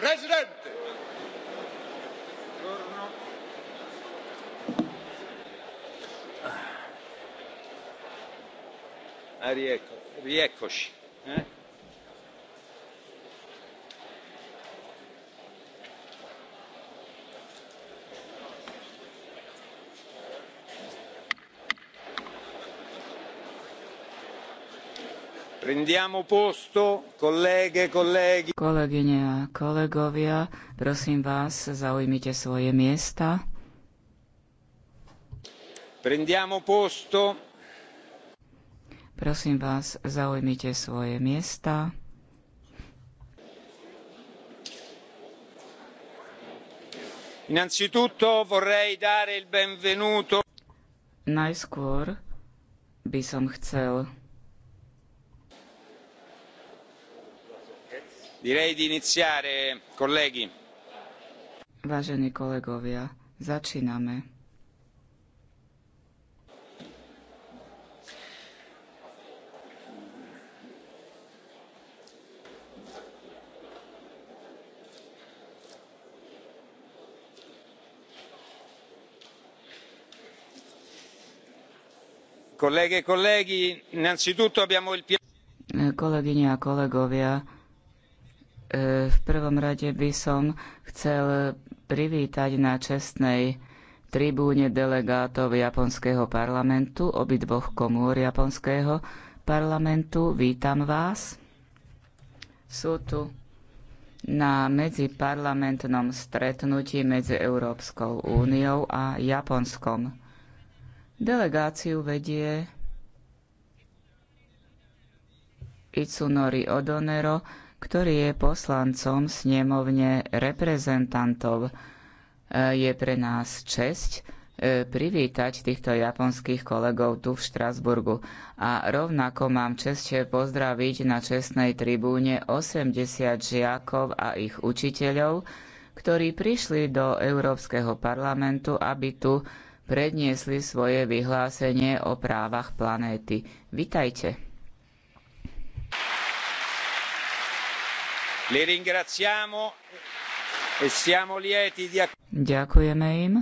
presidente. Ah. Ah, rieccoci. E Kolegyne a kolegovia, prosím vás, zaujmite svoje miesta. Prendiamo posto. Prosím vás, zaujmite svoje miesta. Innanzitutto vorrei dare il benvenuto. Najskôr by som chcel Direi di iniziare, colleghi. Vážení kolegovia, začíname. Kolleghe e colleghi, innanzitutto abbiamo il Kolegyne a kolegovia, v prvom rade by som chcel privítať na čestnej tribúne delegátov Japonského parlamentu, obidvoch komôr Japonského parlamentu. Vítam vás. Sú tu na medziparlamentnom stretnutí medzi Európskou úniou a Japonskom. Delegáciu vedie Itsunori Odonero, ktorý je poslancom snemovne reprezentantov. E, je pre nás česť e, privítať týchto japonských kolegov tu v Štrasburgu. A rovnako mám čest pozdraviť na čestnej tribúne 80 žiakov a ich učiteľov, ktorí prišli do Európskeho parlamentu, aby tu predniesli svoje vyhlásenie o právach planéty. Vitajte. E Ďakujeme im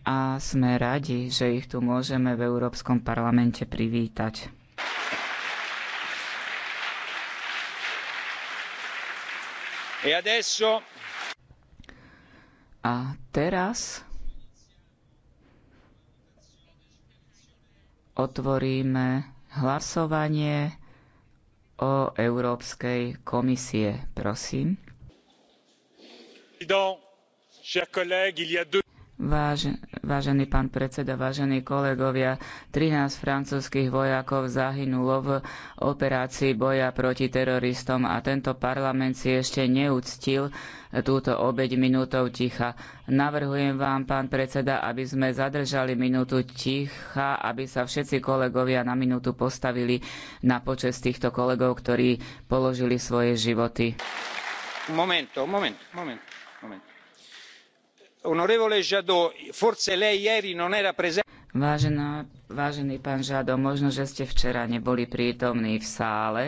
a sme radi, že ich tu môžeme v Európskom parlamente privítať. E adesso... A teraz otvoríme hlasovanie o Európskej komisie. Prosím. Váž, vážený pán predseda, vážení kolegovia, 13 francúzskych vojakov zahynulo v operácii boja proti teroristom a tento parlament si ešte neúctil túto obeď minútou ticha. Navrhujem vám, pán predseda, aby sme zadržali minútu ticha, aby sa všetci kolegovia na minútu postavili na počas týchto kolegov, ktorí položili svoje životy. Momento, moment, moment vážený pán Žado, možno, že ste včera neboli prítomní v sále,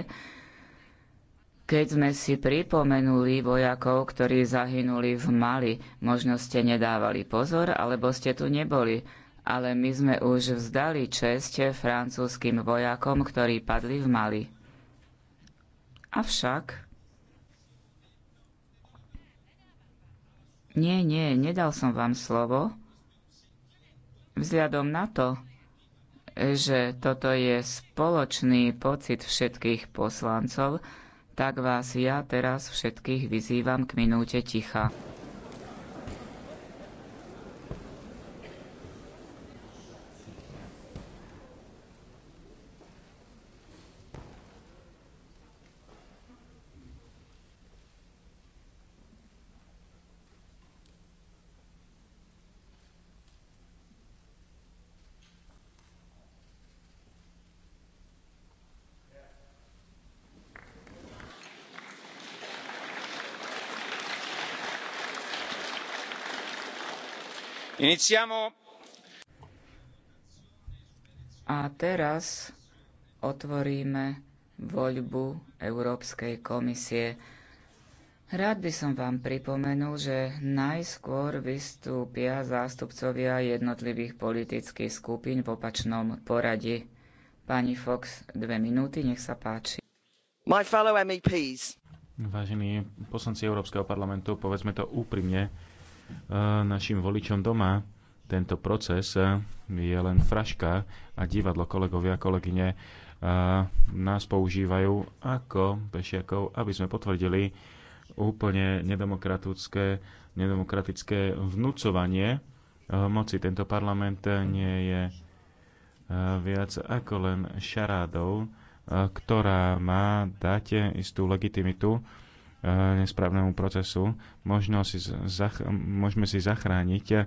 keď sme si pripomenuli vojakov, ktorí zahynuli v Mali. Možno ste nedávali pozor, alebo ste tu neboli. Ale my sme už vzdali čest francúzským vojakom, ktorí padli v Mali. Avšak Nie, nie, nedal som vám slovo. Vzhľadom na to, že toto je spoločný pocit všetkých poslancov, tak vás ja teraz všetkých vyzývam k minúte ticha. Iniziamo. A teraz otvoríme voľbu Európskej komisie. Rád by som vám pripomenul, že najskôr vystúpia zástupcovia jednotlivých politických skupín v opačnom poradí. Pani Fox, dve minúty, nech sa páči. My fellow MEPs. Vážení poslanci Európskeho parlamentu, povedzme to úprimne, našim voličom doma. Tento proces je len fraška a divadlo kolegovia a kolegyne nás používajú ako pešiakov, aby sme potvrdili úplne nedemokratické, nedemokratické vnúcovanie moci. Tento parlament nie je viac ako len šarádou, ktorá má dať istú legitimitu Eh, nesprávnemu procesu. Možno si zach- môžeme si zachrániť. Eh, eh,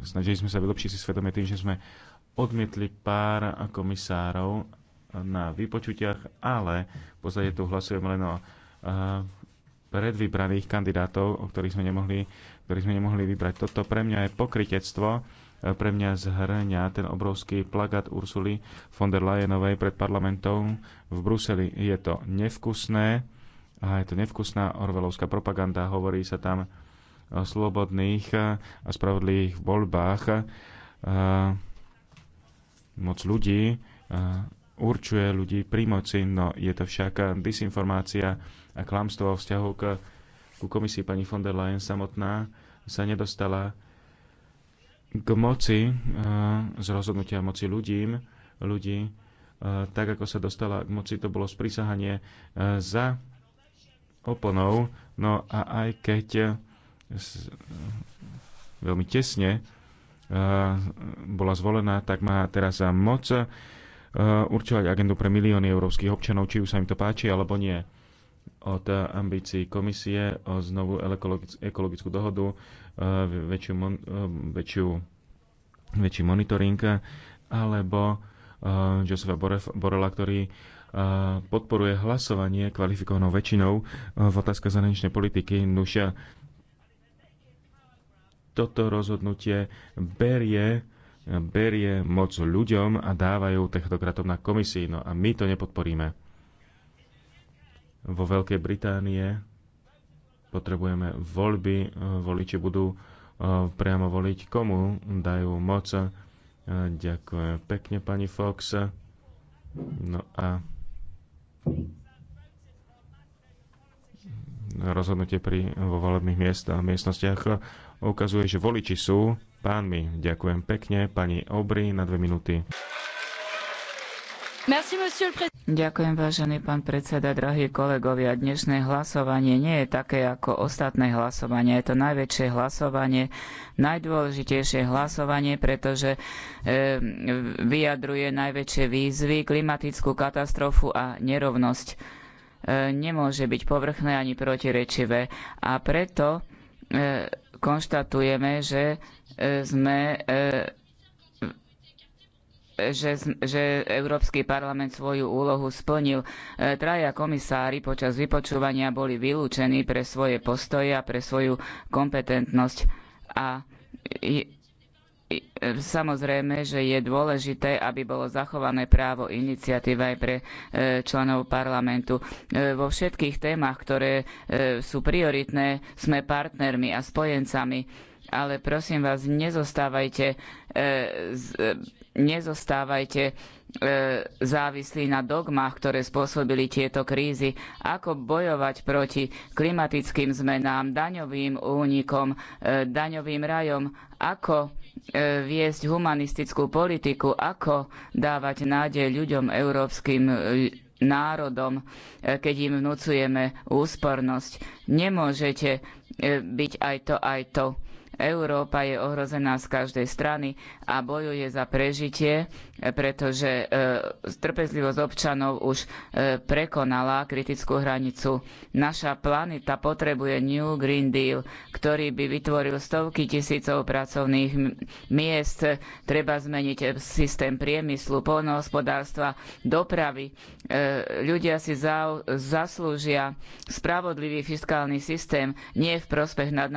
snažili sme sa vylepšiť si svedomie tým, že sme odmietli pár komisárov na vypočutiach, ale v podstate tu hlasujeme len o predvybraných kandidátov, o ktorých sme nemohli, ktorých sme nemohli vybrať. Toto pre mňa je pokritectvo E, pre mňa zhrňa ten obrovský plagát Ursuly von der Leyenovej pred parlamentom v Bruseli. Je to nevkusné a je to nevkusná orvelovská propaganda. Hovorí sa tam o slobodných a spravodlivých voľbách. E, moc ľudí e, určuje ľudí pri moci, no je to však disinformácia a klamstvo vo vzťahu k, ku komisii pani von der Leyen samotná sa nedostala k moci, e, z rozhodnutia moci ľudím, ľudí, e, tak ako sa dostala k moci, to bolo sprísahanie e, za oponou, no a aj keď veľmi tesne bola zvolená, tak má teraz za moc určovať agendu pre milióny európskych občanov, či už sa im to páči alebo nie. Od ambícií komisie o znovu ekologickú dohodu E, väčšiu, e, väčšiu, väčší monitoring, alebo e, Josefa Borela, ktorý podporuje hlasovanie kvalifikovanou väčšinou v otázke zahraničnej politiky. Nuša, toto rozhodnutie berie berie moc ľuďom a dávajú technokratom na komisii. No a my to nepodporíme. Vo Veľkej Británie Potrebujeme voľby, e, voliči budú e, priamo voliť, komu dajú moc. E, ďakujem pekne, pani Fox. No a rozhodnutie pri, vo volebných miest, miestnostiach ukazuje, že voliči sú pánmi. Ďakujem pekne, pani Obry, na dve minúty. Ďakujem, vážený pán predseda, drahí kolegovia. Dnešné hlasovanie nie je také ako ostatné hlasovanie. Je to najväčšie hlasovanie, najdôležitejšie hlasovanie, pretože e, vyjadruje najväčšie výzvy, klimatickú katastrofu a nerovnosť. E, nemôže byť povrchné ani protirečivé. A preto e, konštatujeme, že e, sme. E, že, že Európsky parlament svoju úlohu splnil. E, traja komisári počas vypočúvania boli vylúčení pre svoje postoje a pre svoju kompetentnosť. A e, samozrejme, že je dôležité, aby bolo zachované právo iniciatívy aj pre e, členov parlamentu. Vo všetkých témach, ktoré sú prioritné, sme partnermi a spojencami ale prosím vás, nezostávajte, e, nezostávajte e, závislí na dogmách, ktoré spôsobili tieto krízy. Ako bojovať proti klimatickým zmenám, daňovým únikom, e, daňovým rajom, ako e, viesť humanistickú politiku, ako dávať nádej ľuďom európskym e, národom, e, keď im vnúcujeme úspornosť. Nemôžete e, byť aj to, aj to. Európa je ohrozená z každej strany a bojuje za prežitie, pretože e, trpezlivosť občanov už e, prekonala kritickú hranicu. Naša planeta potrebuje New Green Deal, ktorý by vytvoril stovky tisícov pracovných miest. Treba zmeniť e, systém priemyslu, polnohospodárstva, dopravy. Ľudia si zaslúžia spravodlivý fiskálny systém, nie v prospech nadnárodných